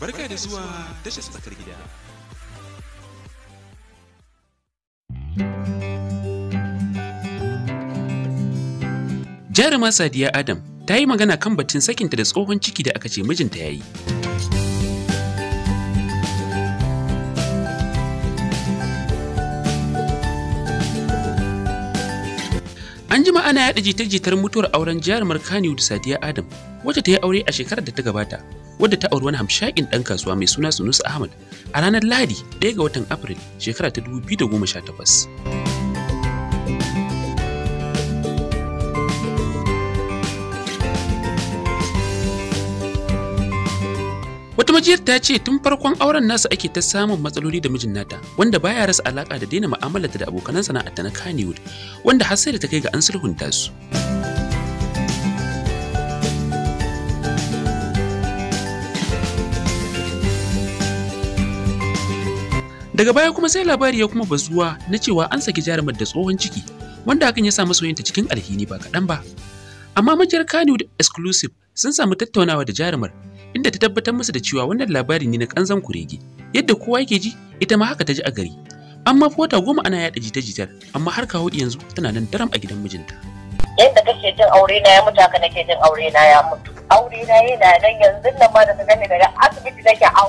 Barka da zuwa tashar tsakar gida. jarumar Sadiya Adam ta yi magana kan batun sakinta da tsohon ciki da aka ce mijinta ya yi. An jima ana yaɗa jita-jitar mutuwar auren jarumar Markani da Sadiya Adam, wacce ta yi aure a shekarar da ta gabata, wadda ta auri wani hamshakin ɗan kasuwa mai suna Sunusa Ahmad a ranar Lahadi 1 ga watan Afril shekara ta 2018. majiyar ta ce tun farkon auren nasu ake ta samun matsaloli da mijin nata wanda baya rasa alaka da daina mu'amalarta da abokanan sana'arta na Kannywood wanda har sai da ta kai ga an sulhunta su. Daga baya kuma sai labari ya kuma bazuwa na cewa an saki jarumar da tsohon ciki wanda hakan ya sa masoyinta cikin alhini ba kaɗan ba. Amma majiyar Kannywood exclusive sun samu tattaunawa da jarumar inda ta tabbatar musu da cewa wannan labari ne na kanzan kurege yadda kowa yake ji ita ma haka ta ji a gari amma fota wata goma ana yaɗa jita-jitar amma har kawo yanzu tana nan daram a gidan mijinta yadda kake jin aure na ya mutu haka nake jin aure na ya mutu aure na yana nan yanzu nan ma da ta gani da asibiti nake au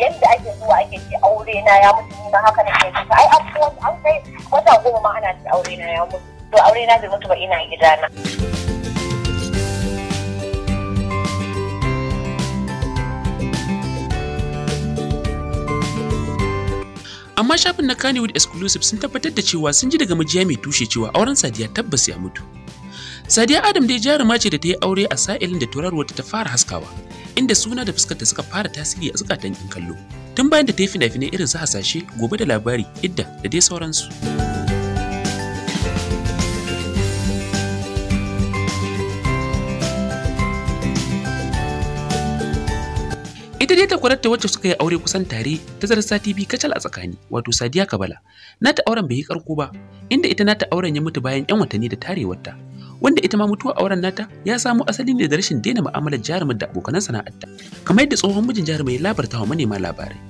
yadda ake zuwa ake ce aure na ya mutu ni ma haka nake jin ai an kai wata goma ma ana ce aure na ya mutu to aure na bai mutu ba ina gidana. amma shafin na Kannywood exclusive sun tabbatar da cewa sun ji daga majiya mai tushe cewa auren Sadiya tabbas ya mutu. Sadiya Adam dai jaruma ce da ta yi aure a sa'ilin da turarwar ta fara haskawa, inda suna da fuskarta suka fara tasiri a zukatan 'yan kallo, tun bayan da ta yi fina-finai irin su hasashe, gobe da labari, idda da dai sauransu. Ita dai takwararta wacce suka yi aure kusan tare ta zarar sati biyu kacal a tsakani, wato Sadiya Kabala. Nata auren bai yi karko ba, inda ita nata auren ya mutu bayan 'yan watanni da tarewarta. Wanda ita ma mutuwa auren nata ya samo asali ne da rashin daina mu'amalar jarumin da abokanan sana'arta. Kamar yadda tsohon mijin jarumin ya labarta wa manema labarai.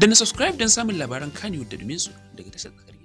Da na subscribe don samun labaran Kano da su daga tashar